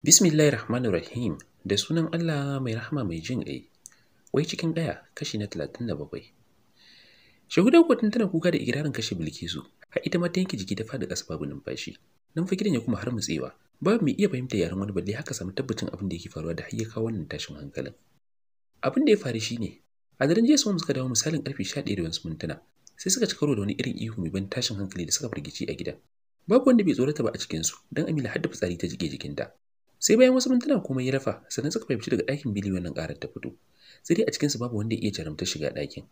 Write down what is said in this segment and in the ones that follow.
Bismillahir Rahmanir Rahim da sunan Allah mai rahama mai jin ƙai. Wai cikin ɗaya kashi na talatin da bakwai. Shahuda kuwa tun tana kuka da ikirarin kashe Bilkisu, a ita ma ta yanke jiki ta faɗi ƙasa babu numfashi. Nan fa gidan ya kuma har mutsewa. Babu mai iya fahimta yaren wani balle haka samu tabbacin abin da yake faruwa da har kawo wannan tashin hankalin. Abin da ya faru shine, a daren jiya suka dawo misalin ƙarfe 11 da wasu mintuna, sai suka ci da wani irin ihu mai ban tashin hankali da suka firgici a gidan babu wanda bai tsorata ba a cikinsu don amila har da fitsari ta jike jikinta sai bayan wasu mintuna kuma ya rafa sannan suka fahimci daga ɗakin bili wannan ƙarar ta fito sai dai a cikinsu babu wanda ya iya jaramta shiga ɗakin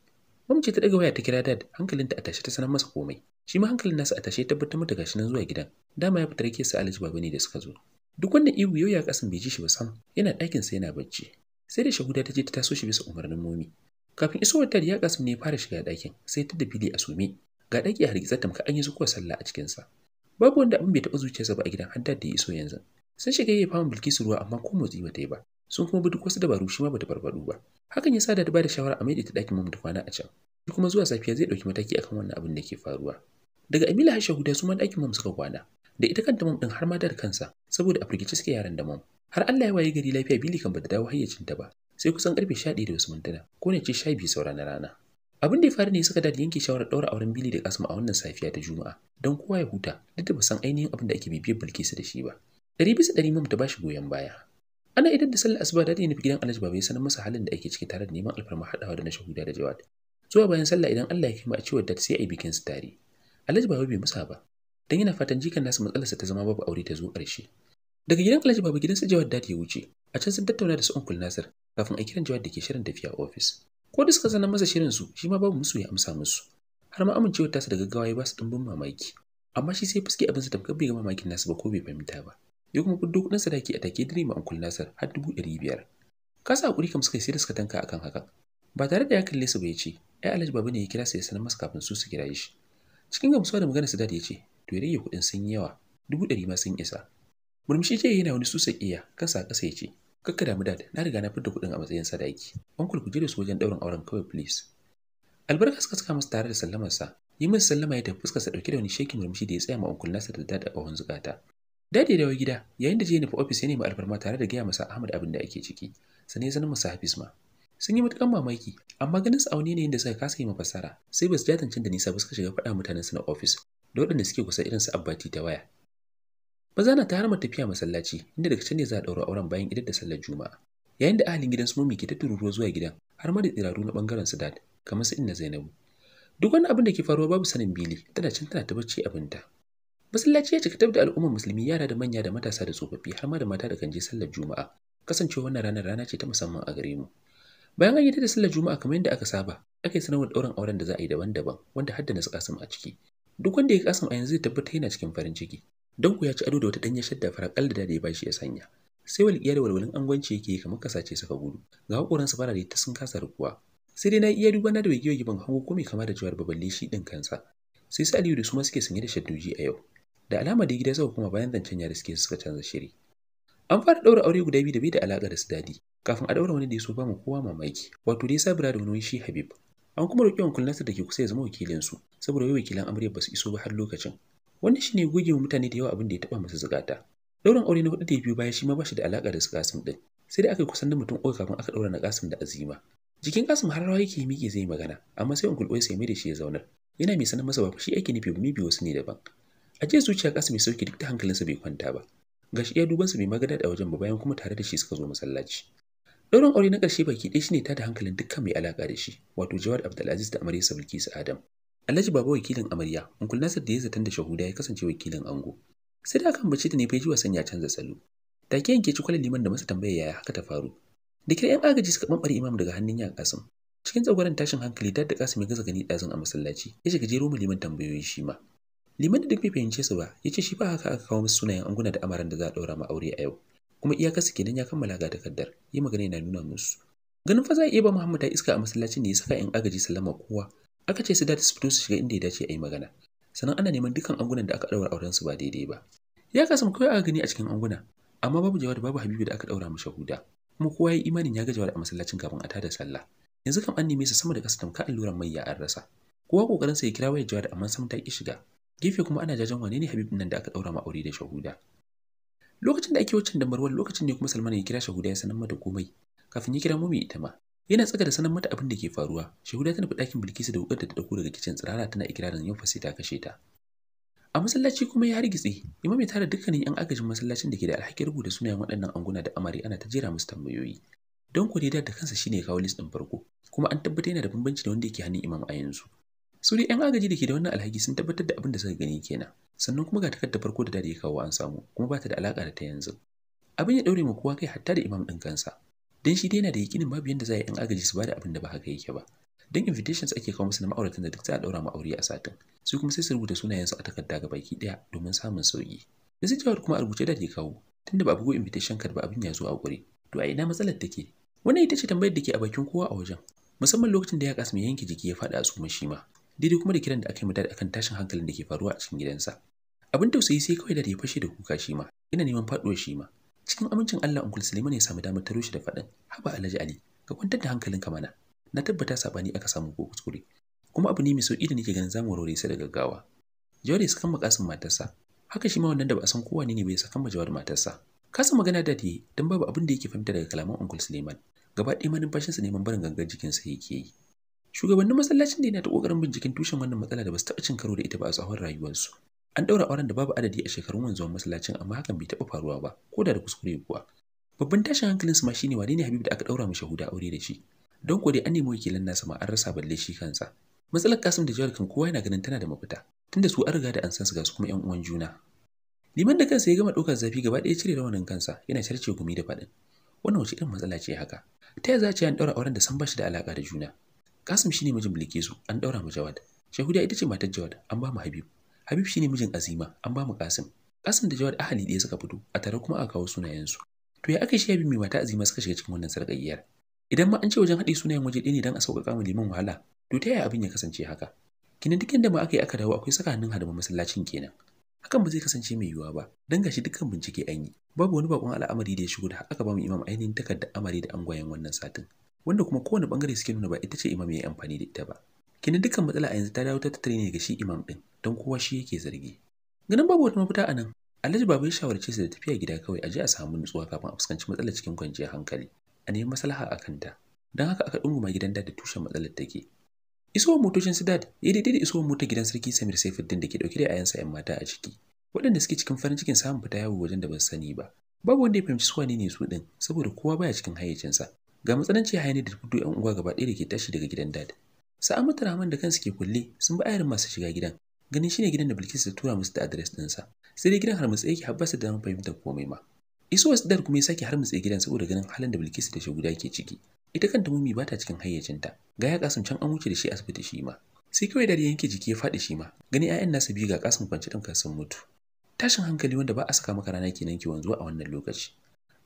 mamci ta daga waya ta kira dad hankalinta a tashe ta sanar masa komai shi ma hankalin nasa a tashe ya tabbatar mata gashi nan zuwa gidan dama ya fitar kesa alhaji baba ne da suka zo duk wanda ihu yau ya kasan bai ji shi ba sam yana ɗakin sa yana bacci sai da shahuda ta je ta taso shi bisa umarnin momi kafin isowar ta ya kasu ne fara shiga ɗakin sai ta da fili a sumi ga ɗaki a hargitsar tamka an yi zukuwar sallah a cikinsa babu wanda abin bai taɓa zuciyarsa ba a gidan haddad da ya iso yanzu sun shiga ya fama bilkisu ruwa amma ko motsi ta yi ba sun kuma bi duk wasu dabaru shi ma bata farfaɗo ba hakan ya sa da ta bada shawara a maida ta ɗakin mamu da kwana a can shi kuma zuwa safiya zai ɗauki mataki akan wannan abin da ke faruwa daga amila har shahuda su ma ɗakin mamu suka kwana da ita kanta mamu ɗin har ma da kansa saboda a firgice suke yaran da mamu har Allah ya waye gari lafiya bili kan bata dawo hayyacinta ba sai kusan karfe 11 da wasu mintuna ko ne ce 12 saura na rana abin da ya faru ne suka dad yanke shawarar daura auren Billy da Kasma a wannan safiya ta Juma'a don kowa ya huta duk da ba san ainihin abin da ake bibiyar Bilkisu da shi ba ɗari bisa ɗari mun ta bashi goyon baya ana idan da sallar asuba dadi nufi gidan Alhaji Baba ya sanar masa halin da ake ciki tare da neman alfarma haɗawa da na shahuda da Jawad zuwa bayan sallah idan Allah ya kima a cewa dad sai a yi bikin su tare Alhaji Baba bai musa ba dan yana fatan jikan nasu sa ta zama babu aure ta zo ƙarshe daga gidan Alhaji Baba gidan su Jawad dadi ya wuce a can sun tattauna da su Uncle Nasir kafin a kiran jawad da ke shirin tafiya ofis ko da suka zana masa shirin su shi ma babu musu ya amsa musu har ma amincewar tasa da gaggawa ya ba su dumbin mamaki amma shi sai fuske abin abinsa tamkar bai ga mamakin nasu ba ko bai fahimta ba ya kuma fiddo kudin sadaki a take ma uncle nasar har dubu ɗari biyar kasa hakuri kam suka yi sai da suka tanka akan hakan ba tare da ya kalle su ba ya ce ai alhaji Babu ne ya kira su ya sanar masa kafin su su kira shi cikin gamsuwa da magana sadad ya ce to ya rage kuɗin sun yawa dubu ɗari ma sun isa murmushi ce yana wani susa iya kasa kasa ya ce kakka damu dad na riga na fidda kuɗin a matsayin sadaki uncle ku jira da su wajen ɗaurin auren kawai please albarka suka saka masa tare da sallamarsa yi min sallama ya tafi sa ɗauke da wani shekin murmushi da ya tsaya ma uncle nasa da dad a ƙahon zukata dad ya dawo gida yayin da je nufi ofis ya nemi alfarma tare da gaya masa ahmad abin da ake ciki sannan ya sanar masa hafiz ma sun yi matukan mamaki amma ganin su auni ne da suka kasa yi mafasara sai ba su jatancin da nisa ba suka shiga faɗa mutanen su na ofis da waɗanda suke kusa irin su abbati ta waya maza na ta harma tafiya masallaci inda daga can ne za a ɗaura auren bayan idar da sallar juma'a yayin da ahalin gidan su mummi ke ta tururuwa zuwa gidan har ma da tsiraru na ɓangaren su dad kamar su inna zainabu duk wani abin da ke faruwa babu sanin bili tana can tana ta bacci abinta masallaci ya cika tab da al'ummar musulmi yara da manya da matasa da tsofaffi har ma da mata da kan je sallar juma'a kasancewa wannan ranar rana ce ta musamman a gare mu bayan an yi da sallar juma'a kamar yadda aka saba aka yi sanarwar ɗaurin auren da za a yi daban-daban wanda har da na a ciki duk wanda ya kasam a yanzu zai tabbata yana cikin farin ciki Danko ya ci ado da wata ɗanyar shadda farakal da dade ba shi ya sanya. Sai walƙiya da walwalin angwanci yake yi kamar kasace suka gudu. Ga haƙoransa farare ta sun kasa rukuwa. Sai dai na iya duba na da bai giyo giban hango ko kama da jawar baballe shi ɗin kansa. Sai su Aliyu da su ma suke sanye da shaddoji a yau. Da alama da gida suka kuma bayan zancen ya riske suka canza shiri. An fara ɗaura aure guda biyu da bai da alaƙa da su dadi. Kafin a ɗaura wani da ya so ba mu kowa mamaki. Wato dai sabira da wani shi Habib. An kuma roƙi wankulansa da ke kusa ya zama wakilinsu saboda wai wakilan amarya ba su iso ba har lokacin. wannan shi goge wa mutane da yawa abin da ya taba masa zukata daurin aure na hudu da biyu baya shi ma shi da alaka da Kasim din sai da aka yi kusan da mutum uku kafin aka daura na Kasim da Azima jikin Kasim har rawa yake miƙe zai magana amma sai Uncle sai ya mai da shi ya zaunar yana mai sanar masa ba shi yake nufi mi biyu wasu ne daban a jiya zuciya Kasim ya sauke duk da hankalinsa bai kwanta ba gashi iya duban su bai magana da wajen ba bayan kuma tare da shi suka zo masallaci daurin aure na ƙarshe baki ɗaya shine ta da hankalin dukkan mai alaka da shi wato Jawad Abdulaziz da Amarya Bilkisu Adam Alhaji Baba wakilin amarya, Uncle da ya zaton da shahuda ya kasance wakilin ango. Sai da kan bace ta ne feji wasan ya canza salo. Take yanke cikwalin liman da masa tambaya yaya haka ta faru. Da kira 'yan agaji suka bambare imam daga hannun yan Kasim. Cikin tsagwaron tashin hankali da da Kasim ya gaza gani ɗazun a masallaci, ya shiga jero ma liman tambayoyi shi ma. Liman da duk bai fahimce su ba, ya ce shi ba haka aka kawo musu sunayen anguna da amaran da za a ɗaura ma aure a yau. Kuma iyakarsa kenan ya kammala ga takardar, yi magana yana nuna musu. Ganin fa za a iya ba Muhammad iska a masallacin ne ya saka 'yan agaji sallama kowa, aka ce su da su fito su shiga inda ya dace a yi magana sannan ana neman dukkan angunan da aka ɗaura auren su ba daidai ba ya kasance kawai aka gani a cikin anguna amma babu jawar babu habibu da aka ɗaura mu shahuda kuma kowa ya yi imanin ya ga jawar a masallacin kafin a tada sallah yanzu kam an neme su sama da ƙasa tamka alluran ya an rasa kowa kokarin sa ya kira wayar jawar amma sam ta ki shiga gefe kuma ana jajan wane ne habib nan da aka ɗaura ma aure da shahuda lokacin da ake waccan da marwan lokacin ne kuma salman ya kira shahuda ya sanar mata komai kafin ya kira mumi ita ma yana tsaka da sanar mata abin da ke faruwa shahuda ta nufi ɗakin bilkisu da wukar da ta ɗauko daga kicin tsirara tana ikirarin yau fasi ta kashe ta a masallaci kuma ya hargitse imam ya tara dukkanin yan agajin masallacin da ke da alhakin rubuta sunayen waɗannan anguna da amari ana ta jera musu tambayoyi don kuwa da kansa shine kawo list ɗin farko kuma an tabbata yana da bambanci da wanda yake hannun imam a yanzu su dai yan agaji da ke da wannan alhaki sun tabbatar da abin da suka gani kenan sannan kuma ga takardar farko da dadi ya kawo an samu kuma ba ta da alaka da ta yanzu abin ya daure mu kowa kai hatta da imam ɗin kansa Don shi dai yana da yakinin babu yanda za a yi in agaji su da abin da ba haka yake ba Don invitations ake kawo musu na ma'auratan da duk za a daura aure a satin su kuma sai su rubuta sunayensu a takarda ga baki ɗaya domin samun sauki jawar kuma a rubuce da ke kawo tunda ba bugu invitation card ba abin ya zo a wuri. to a ina matsalar take wannan ita ce tambayar da ke a bakin kowa a wajen musamman lokacin da ya kasu mai yanke jiki ya faɗa a suma shi ma daidai kuma da kiran da aka yi mutane akan tashin hankalin da ke faruwa a cikin gidansa abin tausayi sai kawai da ya fashe da kuka shi ma yana neman faɗuwar shi ma cikin amincin Allah Uncle Suleiman ya samu damar taro shi da faɗin haba Alhaji Ali ka kwantar da hankalinka mana na tabbata sabani aka samu ko kuskure kuma abu ne mai sauki da nake ganin zamu warware sa da gaggawa Jawari sakan makasin matarsa haka shi ma wannan da ba a san kowa ne bai sakan majawar matarsa kasa magana da ta dan babu abin da yake fahimta daga kalaman Uncle Suleiman gaba ɗaya manufashinsa neman barin jikin jikinsa yake yi shugabannin masallacin da yana ta kokarin binciken tushen wannan matsala da ba su taɓa cin karo da ita ba a tsawon rayuwarsu An ɗaura auren da babu adadi a shekarun wanzuwan masallacin amma hakan bai taɓa faruwa ba, ko da da kuskure kuwa. Babban tashin su ma shine wane ne Habib da aka ɗaura mishi huda aure da shi. Don ko dai an nemi wakilan nasa ma an rasa balle shi kansa. Matsalar Kasim da Jawar kan kowa yana ganin tana da mafita, tunda su an riga da an san su ga su kuma 'yan uwan juna. Liman da kansa ya gama ɗaukar zafi gaba ɗaya cire rawanin kansa yana sharce gumi da faɗin. Wannan wace irin matsala ce haka? Ta yaya za ce an ɗaura auren da san ba shi da alaƙa da juna? Kasim shine mijin su an ɗaura ma Jawad. Shahuda ita ce matar Jawad, an ba mu Habib. Habib shine mijin Azima, an ba mu Kasim. Kasim da Jawad ahali ɗaya suka fito, a tare kuma aka kawo sunayensu. To ya aka shi Habib mai mata Azima suka shiga cikin wannan sarƙayyar? Idan ma an ce wajen haɗe sunayen waje ɗaya ne don a sauƙaƙa ma liman wahala, to ta yaya abin ya kasance haka? Kinan duk da ma aka yi aka dawo akwai saka hannun masallacin kenan. Hakan ba zai kasance mai yiwuwa ba, don gashi dukkan bincike an yi. Babu wani bakon al'amari da ya shigo da aka ba mu imam ainihin takardar amari da angwayen wannan satin. Wanda kuma kowane bangare suke nuna ba ita ce imam ya yi amfani da ita ba. Kina dukkan matsala a yanzu ta dawo ta tattare ne ga shi imam ɗin, don kowa shi yake zargi. Ganin babu wata mafita a nan, Alhaji Baba ya shawarce su da tafiya gida kawai a je a samu nutsuwa kafin a fuskanci matsala cikin kwanciyar hankali, a nemi maslaha a kanta. Don haka aka ɗunguma gidan da tushen matsalar take. Isowar motocin Sidat ya daidai da isowar motar gidan Sarki Samir Saifuddin da ke ɗauke da ayansa 'yan mata a ciki, waɗanda suke cikin farin cikin samun fita yawo wajen da ba su sani ba. Babu wanda ya fahimci su wane ne su ɗin, saboda kowa baya cikin hayyacinsa. Ga matsananci hayani da fito 'yan uwa gaba ɗaya da ke tashi daga gidan dad. Sa'amatu Rahman da kansu ke kulle sun bi ayarin masu shiga gidan. Ganin shine gidan da Bilkisu ta tura musu da adres ɗinsa. Sai dai gidan har mutsa yake habbasa da fahimtar komai ma. wasu dar kuma ya sake har gidan saboda ganin halin da Bilkisu da Shaguda ke ciki. Ita kanta mummi ba ta cikin hayyacinta. Ga ya Kasim can an wuce da shi asibiti shi ma. Sai kawai dare yanke jiki ya faɗi shi ma. ganin 'ya'yan nasa biyu ga Kasim kwance ɗin sun mutu. Tashin hankali wanda ba a saka maka rana kenan ke wanzuwa a wannan lokaci.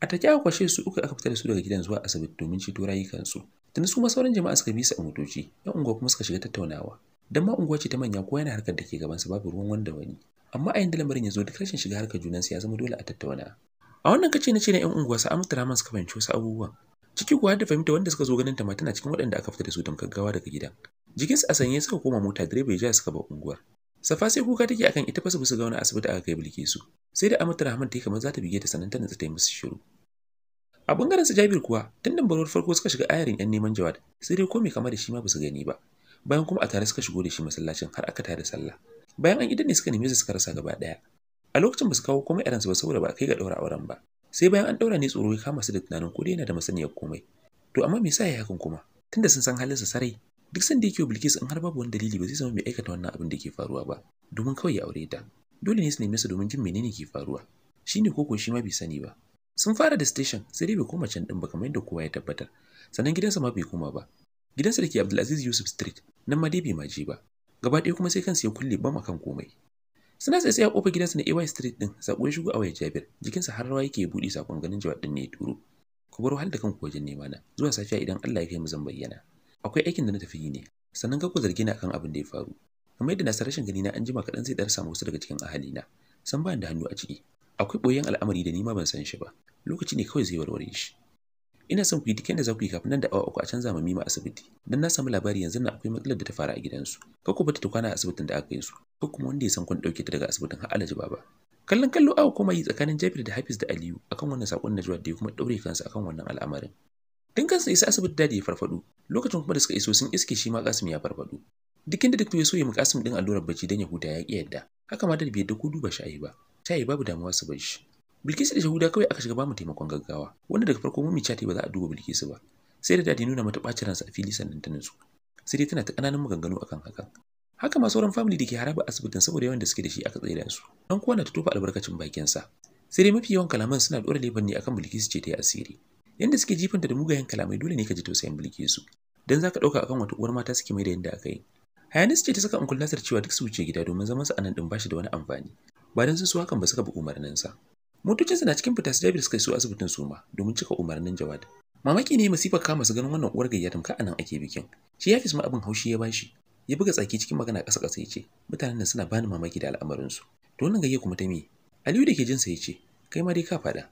a take akwashe kwashe su uku aka fita da su daga gidan zuwa asibiti domin ceto rayukansu tunda su ma sauran jama'a suka bi su a motoci yan unguwa kuma suka shiga tattaunawa dan ma unguwa ce ta manya ko yana harkar da ke gaban su babu ruwan wanda wani amma a yanda lamarin ya zo duk rashin shiga harkar junan su ya zama dole a tattauna a wannan kace na ce na yan unguwa sa amintar man suka fahimci wasu abubuwan ciki kuwa da fahimta wanda suka zo ganin ta tana cikin waɗanda aka fita da su don gaggawa daga gidan jikinsu a sanye suka koma mota direba ya ja suka bar unguwar Safa sai kuka take akan ita fa su ga wani asibiti aka kai Bilkisu. Sai da Amatu Rahman ta kamar za ta bige ta sannan ta ta yi musu shiru. A bangaren su Jabir kuwa tun da barwar farko suka shiga ayarin yan neman Jawad sai dai komai kamar da shi ma ba su gani ba. Bayan kuma a tare suka shigo da shi masallacin har aka tare sallah. Bayan an idan ne suka nemi su suka rasa gaba daya. A lokacin ba su kawo komai irinsu ba saboda ba kai ga daura auren ba. Sai bayan an daura ne tsoro ya kama su da tunanin ko dai yana da masaniyar komai. To amma me yasa ya hakan kuma? Tunda sun san halin sa sarai duk sanda yake Bilkis in har babu wani dalili ba zai zama mai aikata wannan abin da ke faruwa ba domin kawai ya aure ta dole ne su neme su domin jin menene ke faruwa Shi shine ko shi ma bai sani ba sun fara da station sai dai bai koma can din ba kamar yadda kowa ya tabbatar sannan gidansa ma bai koma ba gidansa da ke Abdulaziz Yusuf Street nan ma dai bai maje ba gaba ɗaya kuma sai kansa ya kulle ba makan komai suna tsaye a kofar gidansa na AY Street din sabo ya shigo a waya Jabir jikinsa har rawa yake buɗe sakon ganin jawab din ne ya turo ku bar hal da kanku wajen nema na zuwa safiya idan Allah ya kai mu zan bayyana akwai aikin da na tafi yi ne sannan ka ku zargi ni akan abin da ya faru kamar yadda na sa rashin gani na an jima kaɗan zai ɗan samu wasu daga cikin ahalina san ba da hannu a ciki akwai ɓoyen al'amari da ni ban san shi ba lokaci ne kawai zai warware shi ina son ku yi duk yadda za ku yi kafin nan da awa uku a canza ma mima asibiti dan na samu labari yanzu na akwai matsalar da ta faru a gidansu ka ku bata ta kwana a asibitin da aka yi su ko kuma wanda ya san kun ɗauke ta daga asibitin har alaji baba kallon kallo awa koma yi tsakanin jafir da Hafiz da Aliyu akan wannan sakon Najwa da ya kuma daure kansa akan wannan al'amarin tun su isa asibiti dadi ya farfaɗo, lokacin kuma da suka iso sun iske shi ma Ƙasim ya farfado dukkan da duk ya so ya mukasim ɗin allurar bacci ya yahuda ya ƙi yadda haka ma da bai yadda ko duba shi ba ta yi babu damuwa su bar shi bilkisu da shahuda kawai aka shiga ba taimakon gaggawa wanda daga farko mun ce ba za a duba bilkisu ba sai da dadi nuna mata ɓacin ransa a fili sannan ta nutsu sai dai tana ta ƙananan maganganu akan hakan haka ma sauran famili da ke haraba asibitin saboda yawan da suke da shi aka tsaye da su dan kowa na ta tofa albarkacin bakinsa sai dai mafi yawan kalaman suna ɗora leban ne akan bilkisu ce ta yi asiri yanda suke jifanta da mugayen kalamai dole ne ka ji tausayin bilke su dan zaka dauka akan wata uwar mata suke mai da yanda aka yi hayanis ce ta saka unkul nasir cewa duk su wuce gida domin zaman su anan din bashi da wani amfani ba dan sun su hakan ba suka bi umarnin sa motocinsa na cikin fita su jabir suka su asibitin suma domin cika umarnin jawad mamaki ne masifa kama su ganin wannan uwar gayya ka anan ake bikin shi ya ma abin haushi ya bashi ya buga tsaki cikin magana ƙasa ƙasa ya ce mutanen suna bani mamaki da su to wannan gayya kuma ta me aliyu da ke ya ce kai ma dai ka faɗa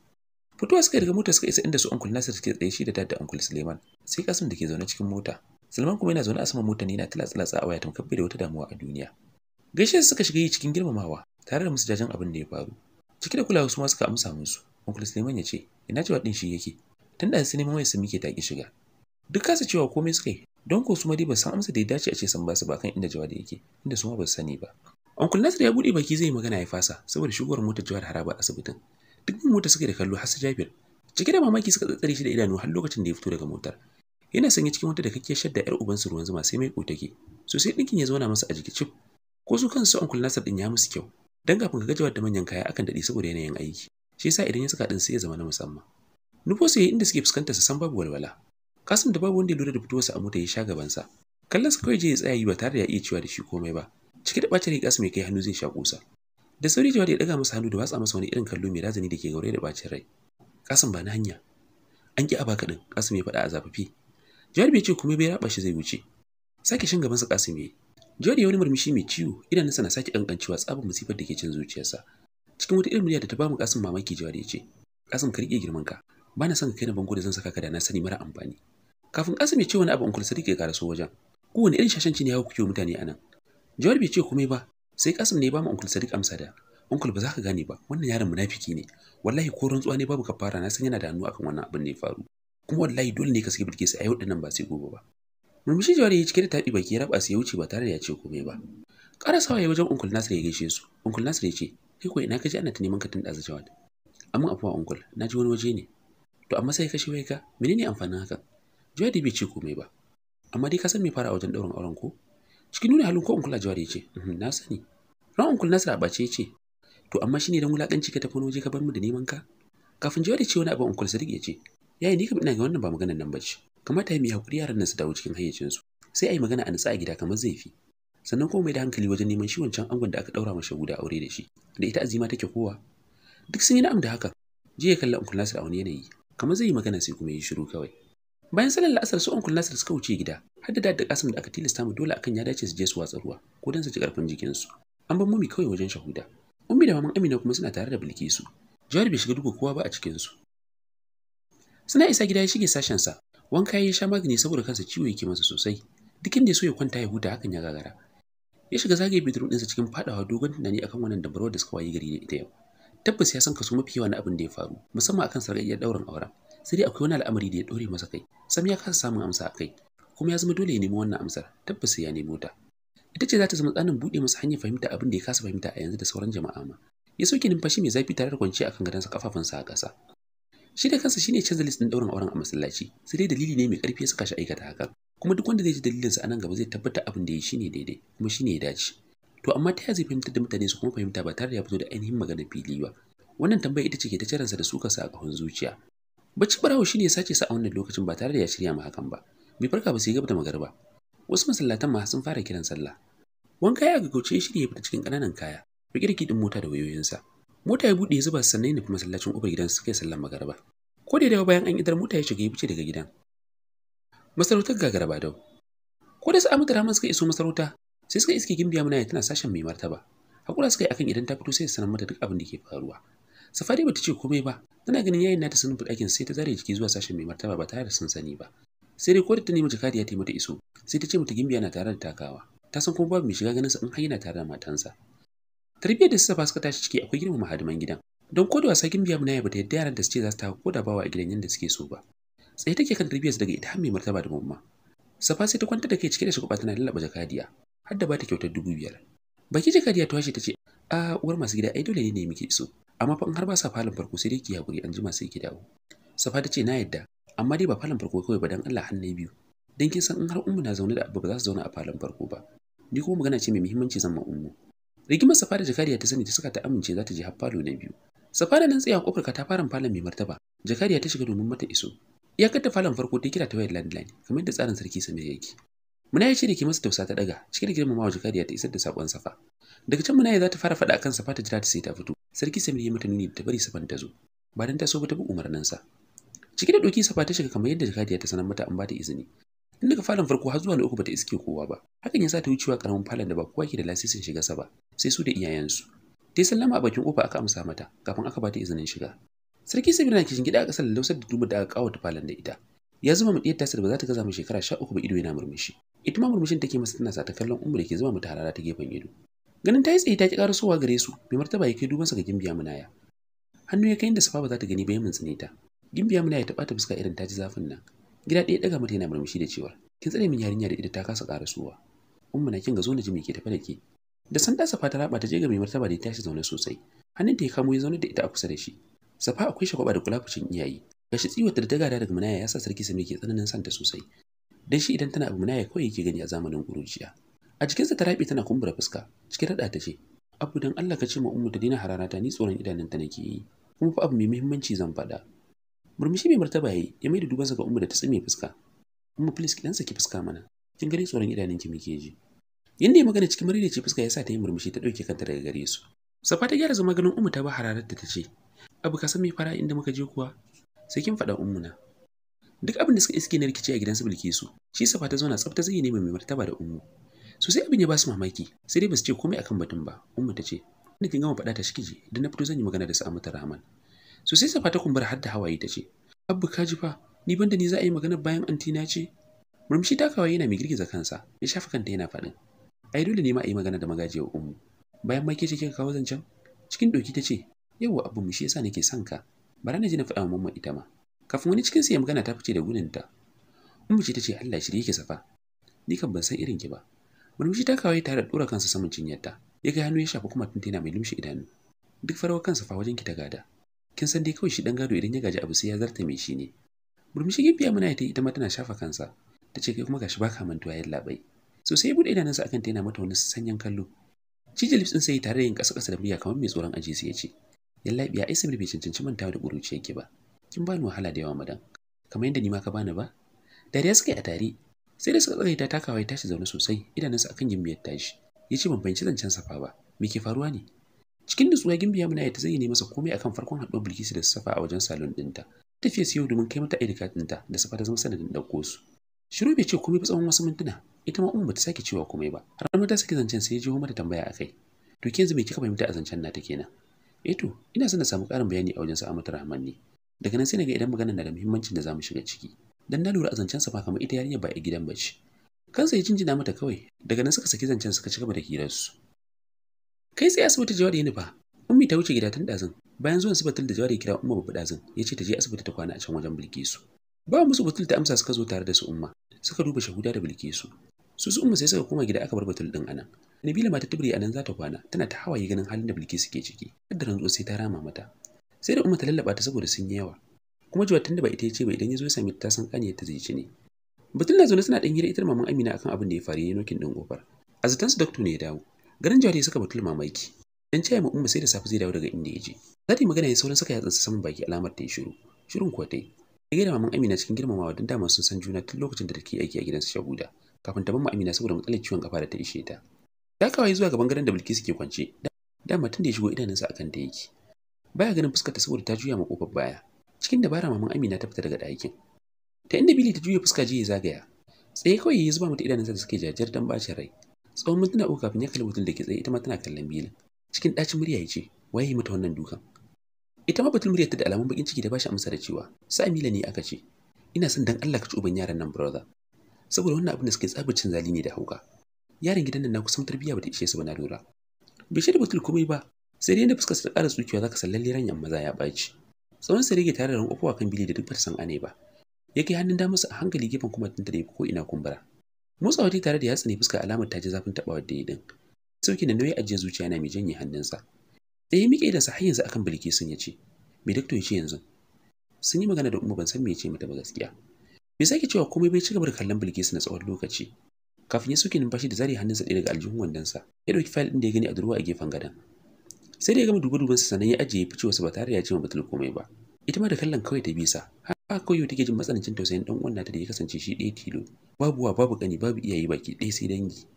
fitowa suka daga mota suka isa inda su uncle Nasir ke tsaye shi da dadda uncle Suleiman sai Kasim da ke zaune cikin mota Salman kuma yana zaune a saman mota ne yana tilatsa a waya tamkar da wata damuwa a duniya gaishe suka shiga yi cikin girmamawa tare da musu jajen abin da ya faru Ciki da kulawa su ma suka amsa musu uncle Suleiman ya ce ina cewa din shi yake tunda sun neman wayar su muke taki shiga duk kasa cewa komai suka yi don ko su ma dai ba san amsa da ya dace a ce san ba su ba kan inda jawa da yake inda su ma ba su sani ba Uncle Nasir ya buɗe baki zai magana ya fasa saboda shigowar motar Jawar Haraba asibitin. duk mota suka da kallo har su Jabir cike da mamaki suka tsatsare shi da idanu har lokacin da ya fito daga motar yana sanye cikin wata da kake shadda yar su ruwan zuma sai mai kotake so sai dinkin ya zauna masa a jiki cif ko su kansu uncle Nasir din ya musu kyau dan kafin ka gajewar da manyan kaya akan dade saboda yanayin aiki shi yasa idan ya saka din sai ya zama na musamman nufo sai inda suke fuskanta su san babu walwala kasim da babu wanda ya lura da fitowarsa a mota ya sha gabansa kallon sa kawai je ya tsaya yi ba tare da ya iya cewa da shi komai ba cike da bacin riga mai kai hannu zai sha kusa da sauri jawadi ya daga masa hannu da watsa masa wani irin kallo mai razani da ke gaure da bacin rai kasan ba na hanya an ki a baka din kasim ya faɗa a zafafi jawadi bai ce kuma bai raba shi zai wuce sake shin gaban sa kasim yi. jawadi ya wani murmushi mai ciwo idanunsa na sake kankancewa tsabar musifar da ke cin zuciyarsa cikin wata irin murya da ta bamu kasim mamaki jawadi ya ce kasim ka rike girman ka ba na son ka kai na bango da zan saka ka da na sani mara amfani kafin kasim ya ce wani abu in kulsa rike karaso wajen kowane irin shashanci ne ya mutane anan jawadi bai ce komai ba sai kasim ne ba mu uncle sadiq amsa da uncle ba za ka gane ba wannan yaron munafiki ne wallahi ko rantsuwa ne babu kafara na san yana da hannu akan wannan abin ne faru kuma wallahi dole ne ka saki bilkis a yau nan ba sai gobe ba murmushi jawari ya cike da tabi baki ya raba sai ya wuce ba tare da ya ce komai ba sawa ya wajen uncle nasir ya gaishe su uncle nasir ya ce kai ko ina ka ji ana ta neman ka tun ɗazu jawad amma afuwa uncle na ji wani waje ne to amma sai kashe shi wai ka menene amfanin hakan jawadi bai ce komai ba amma dai ka san me fara a wajen ɗaurin auren ko cikin nuna halin ko unkul a jawar ya ce mhm, na sani ran unkul nasara a ya ce to amma shine dan wulakanci ka tafi waje ka bar mu da neman ka kafin jawar ya ce wani abin unkul sadiq ya ce yayi ni kam ina ga wannan ba maganar nan bace kamata ya mi hakuri yaran nan su dawo cikin hayyacin su sai yi magana a nutsa a gida kamar zai fi sannan kuma mai da hankali wajen neman shi wancan angon da aka daura masa guda aure da shi da ita azima take kowa duk sun yi na'am da haka jiya kalla unkul nasara a wani yanayi kamar zai yi magana sai kuma yi shiru kawai bayan salon la'asar su onkul nasir suka wuce gida har da da kasim da aka tilasta mu dole akan ya dace su je su watsa ruwa ko don su ji karfin jikinsu an bar mummy kawai wajen shahuda ummi da maman amina kuma suna tare da bilkisu jawar bai shiga duka kowa ba a cikinsu suna isa gida ya shige sashensa wanka ya sha magani saboda kansa ciwo yake masa sosai duk inda ya so ya kwanta ya huta hakan ya gagara ya shiga zagaye bedroom ɗinsa cikin fadawa, dogon tunani akan wannan dabarwar da suka wayi gari da ita yau tabbas ya san kaso mafi yawa na abin da ya faru musamman akan sarƙaƙiyar ɗaurin auren sai dai akwai wani al'amari da ya ɗore masa kai sam ya kasa samun amsa a kai kuma ya zama dole ya nemi wannan amsar tabbas ya nemo ta ita ce za ta zama tsanin buɗe masa hanyar fahimta abin da ya kasa fahimta a yanzu da sauran jama'a ma ya sauke numfashi mai zafi tare da gadon akan gadonsa kafafunsa a ƙasa shi da kansa shine canza list din daurin auren a masallaci sai dai dalili ne mai ƙarfi ya saka shi aikata hakan kuma duk wanda zai ji dalilinsa a nan gaba zai tabbatar abin da ya shi ne daidai kuma shine ya dace to amma ta zai fahimtar da mutane su kuma fahimta ba tare da ya fito da ainihin magana fili ba wannan tambayar ita ce ke ta ciransa da sa a ƙahon zuciya Bacci barawo shi ne sace sa a wannan lokacin ba tare da ya shirya ma hakan ba. Bai farka ba sai gaba da magariba. Wasu masallatan ma sun fara kiran sallah. Wanka ya ne ya fita cikin ƙananan kaya, riƙe da kiɗin mota da wayoyinsa. Mota ya buɗe zuba zuba sannan ya nufi masallacin uba gidan suka yi sallan magariba. Ko da yawa bayan an idar mota ya shiga ya fice daga gidan. Masarautar gagaraba ba dau. Ko da sa'a mata suka iso masarauta, sai suka iske gimbiya muna tana sashen mai martaba. Hakura suka yi akan idan ta fito sai sanar mata duk abin da ke faruwa. Safari bata ce komai ba, tana ganin yayin nata sun nufi ɗakin sai ta zare jiki zuwa sashen mai martaba ba tare da sun sani ba. Sai dai ko ta nemi jakadiya ta ya mata iso, sai ta ce mata gimbiya na tare da takawa. Ta san kuma babu mai shiga ganin sa in har yana tare da matansa. Tarbiyyar da Safa suka tashi ciki akwai girmama mahadiman gidan. Don ko da wasa gimbiya munaya bata yadda yaran da su ce za su taka ko da bawa a gidan yadda suke so ba. Tsaye take kan tarbiyyar daga ita har mai martaba da mamma. Safa sai ta kwanta da kai cike da shugaba tana lallaba jakadiya, har da ba ta kyautar dubu biyar. Baki jakadiya ta washe ta ce, a ah, uwar masu gida ai dole ne ne miki iso. amma fa in har ba sa falon farko sai dai ki hakuri an jima sai ki dawo Safada ce na yadda amma dai ba falon farko kawai ba dan Allah hannu biyu dan kin san in har ummu na zaune da abba ba za su zauna a falon farko ba ni kuma magana ce mai muhimmanci zan ma ummu rigimar Safada da jakariya ta sani ta suka ta amince za ta je har falo na biyu Safada da nan tsaya kofar ka ta fara falon mai martaba jakariya ta shiga domin mata iso iyakar ta falon farko ta kira ta wayar landline kamar da tsarin sarki samir yake Muna ya ce da masa tausa ta daga, cike da girmamawa jakadiya ta isar da sakon safa. Daga can Muna za ta fara faɗa kan safa ta jira ta sai ta fito. Sarki Samir ya mata nuni da ta bari safan ta zo. Ba dan ta so ba ta bi umarninsa. Cike da doki safa ta shiga kamar yadda jakadiya ta sanar mata an ba ta izini. Tun daga falon farko har zuwa na uku bata iske kowa ba. Hakan ya sa ta wucewa karamin falon da ba kowa ke da lasisin shiga sa ba, sai su da iyayensu. Ta yi sallama a bakin kofa aka amsa mata kafin aka ba ta izinin shiga. Sarki Samir na kishin gida a ƙasar lausar da duba da aka ta falon da ita. ya zama mu diyar tasir ba za ta gaza mu shekara 13 ba ido yana murmushi ita ma murmushin take masa tana sata kallon umar da ke zuba mata harara ta gefen ido ganin ta yi tsaye ta ki karasowa gare su mai martaba ya kai duban sa ga gimbiya munaya hannu ya kai inda safa ba za ta gani ba ya mintsine ta gimbiya munaya ta bata fuska irin ta ji zafin nan gida ɗaya daga mata yana murmushi da cewar kin tsare min yarinya da ita ta kasa karasowa umma na kin ga zo na ke tafe da ke da san ɗan safa ta raba ta je ga mai martaba da ya tashi zaune sosai ta ya kamo ya zaune da ita a kusa da shi safa akwai shagwaba da kulafucin iyaye gashi tsiwata da ta gada daga manaya ya sa sarki sami ke tsananin santa sosai dan shi idan tana abu munaya kawai yake gani a zamanin ƙuruciya a jikinsa ta rabe tana kumbura fuska cikin raɗa ta ce abu dan Allah ka ce ma ummu ta dina harara ta ni tsoron idanun ta nake yi kuma fa abu mai muhimmanci zan faɗa murmushi mai martaba yayi ya maida da dubansa ga ummu da ta tsime fuska ummu please ki dan saki fuska mana kin gani tsoron idanun ki muke ji yanda ya magana cikin murya ce fuska yasa ta yi murmushi ta dauke kanta daga gare su safa ta gyara zama ganin ummu ta ba hararar ta ce abu ka san mai fara inda muka je kuwa sai kin faɗa na duk abin da suka iske na rikici a gidansu bilkisu shi safa ta zauna tsafta zai nema mai martaba da ummu so sai abin ya ba su mamaki sai dai ba su ce komai akan batun ba ummu ta ce ina kin gama faɗa ta shikije dan na fito zan yi magana da su amata rahman so sai safa ta kumbura har da hawaye ta ce abbu kaji fa ni banda ni za a yi magana bayan anti antina ce murmushi ta kawai yana mai girgiza kansa ya shafa kanta yana faɗin ai dole ne ma a yi magana da wa ummu bayan mai kece kika kawo zancen cikin doki ta ce yawwa abbu mushi shi yasa nake son ka bara na ji na faɗa mamman ita ma kafin wani cikinsu ya magana ta fice da guninta Umarci ce ta ce Allah shirye ki safa ni kan ban san irin ki ba murmushi ta kawai tare da dora kansa saman cinyarta ya ga hannu ya shafa kuma tuntuna mai lumshi idanu duk farawar kansa fa wajen ki ta gada kin san dai kawai shi dan gado idan ya gaji abu sai ya zarta mai shi ne murmushi ya muna ta ita ma tana shafa kansa ta ce kai kuma gashi baka mantuwa yan labai sosai ya bude idanunsa akan ta yana mata wani sanyan kallo cijil sun din sai tare da yin kasa kasa da murya kamar mai tsoron aji sai ya ce yan ai sabir bai cancanci mantawa da ƙuruciyar ki ba kin bani wahala da yawa madan kamar yadda ni ma ka bani ba dariya suka yi a tare sai da suka tsare ta takawa ya tashi zaune sosai idanunsa akan gimbiyar tashi ya ce ban fahimci zancen safa ba me ke faruwa ne cikin nutsuwa gimbiya muna zai zayyane masa komai akan farkon haɗuwar bilkisu da safa a wajen salon ɗinta tafiya yau domin kai mata aidika ɗinta da safa ta zama sanadin ɗauko su shiru bai ce komai ba tsawon wasu mintuna ita ma umma ta sake cewa komai ba har ma ta sake zancen sai ya jiho mata tambaya a kai. to yanzu me kika fahimta a zancen nata kenan eto eh ina son na samu ƙarin bayani a wajen sa Rahman ne daga nan sai naga idan maganar na da muhimmancin da zamu shiga ciki dan na lura a zancen sa ba kamar ita yarinya ba a gidan ce kansa ya jinjina mata kawai daga nan suka saki zancen suka cigaba da hirar su kai tsaye asibiti jawa ne fa ummi ta wuce gida tun dazun bayan zuwan su batul da jawadi kira umma babu dazin ya ce ta je asibiti ta kwana a can wajen bilkisu ba musu batul ta amsa suka zo tare da su umma suka duba shahuda da bilkisu su su umma sai suka koma gida aka bar batul din anan nabila mata tubri anan za ta kwana tana ta hawaye ganin halin da bilkisu suke ciki da rantsuwa sai ta rama mata sai da umma ta lallaba ta saboda sun yi yawa kuma juwa da ba ita ce ba idan ya zo ya sami ta san kanye ta zai ci ne batun na zaune suna dan hira ita maman Amina akan abin da ya faru ne nokin din kofar azatan su doctor ne ya dawo garin juwa suka batul mamaki dan ce mu umma sai da safe zai dawo daga inda yaje za ta yi magana ya sauran suka yatsa saman baki alamar ta yi shiru shirin kuwa ta yi ya gaida maman Amina cikin girmamawa don dama sun san juna tun lokacin da take aiki a gidansu Shahuda kafin ta mamma Amina saboda matsalar ciwon kafa da ta ishe ta. Ya kawai zuwa gaban da Bilkisu ke kwance, dama tun da ya shigo idanunsa akan ta yake. baya ganin fuskarta saboda ta juya ma kofar baya cikin dabara maman amina ta fita daga ɗakin ta inda bili ta juya fuska jiya zagaya tsaye kawai ya zuba mata idanunsa da suke jajjar dan bacin rai tsawon mintuna uku kafin ya kalli mutum da ke tsaye ita ma tana kallon bilin cikin ɗacin murya ya ce waye mata wannan dukan ita ma batun muryarta da alamun bakin ciki da bashi amsa da cewa sa mila ne aka ce ina son dan Allah ka ci uban yaran nan brother saboda wannan abin da suke cin zali ne da hauka yaran gidan nan na kusan tarbiyya bata ishe su ba na lura bai batul komai ba sai dai da fuskar ta ƙara tsukewa zaka san lalle ranyan maza ya ɓaci tsawon sa rage tare da rankofuwa kan bili da duk bata san ane ba ya kai hannun sa a hankali gefen kuma tun tare ko ina kumbura motsawa ta tare da yatsa ne fuska alamar ta ji zafin taɓa wadda ya din sauki da nauyi ajiye zuciya na mai janye hannunsa ya miƙe da sa har yanzu akan bilki sun ya ce me to ya ce yanzu sun yi magana da umma ban san me ya ce mata ba gaskiya me sake cewa komai bai cigaba da kallon su na tsawon lokaci kafin ya soke numfashi da zare hannunsa ɗaya daga aljihun wandonsa ya ɗauki fayil ɗin da ya gani a a gefen gadon sai da ya gama duba dubansa sannan ya ajiye wasu ba tare da ya ce batul komai ba ita ma da kallon kawai ta bisa haka kawai take jin matsanancin tausayin dan uwan nata da ya kasance shi ɗaya tilo babu wa babu kani babu iyaye baki ɗaya sai dangi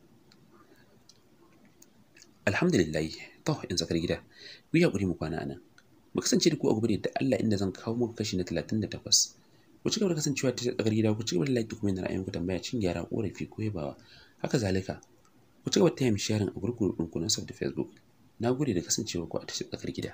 alhamdulillah to in zakar gida ku yi hakuri mu kwana anan mu kasance da ku a gobe da Allah inda zan kawo muku kashi na 38 ku ci gaba da kasancewa ta tsakar gida ku ci gaba da like kuma da ra'ayinku tambaya cin gyara korafi ko yabawa haka zalika ku ci gaba da taya mi sharing a gurgurun ku na Facebook Na gode da kasancewarku a tsakar gida.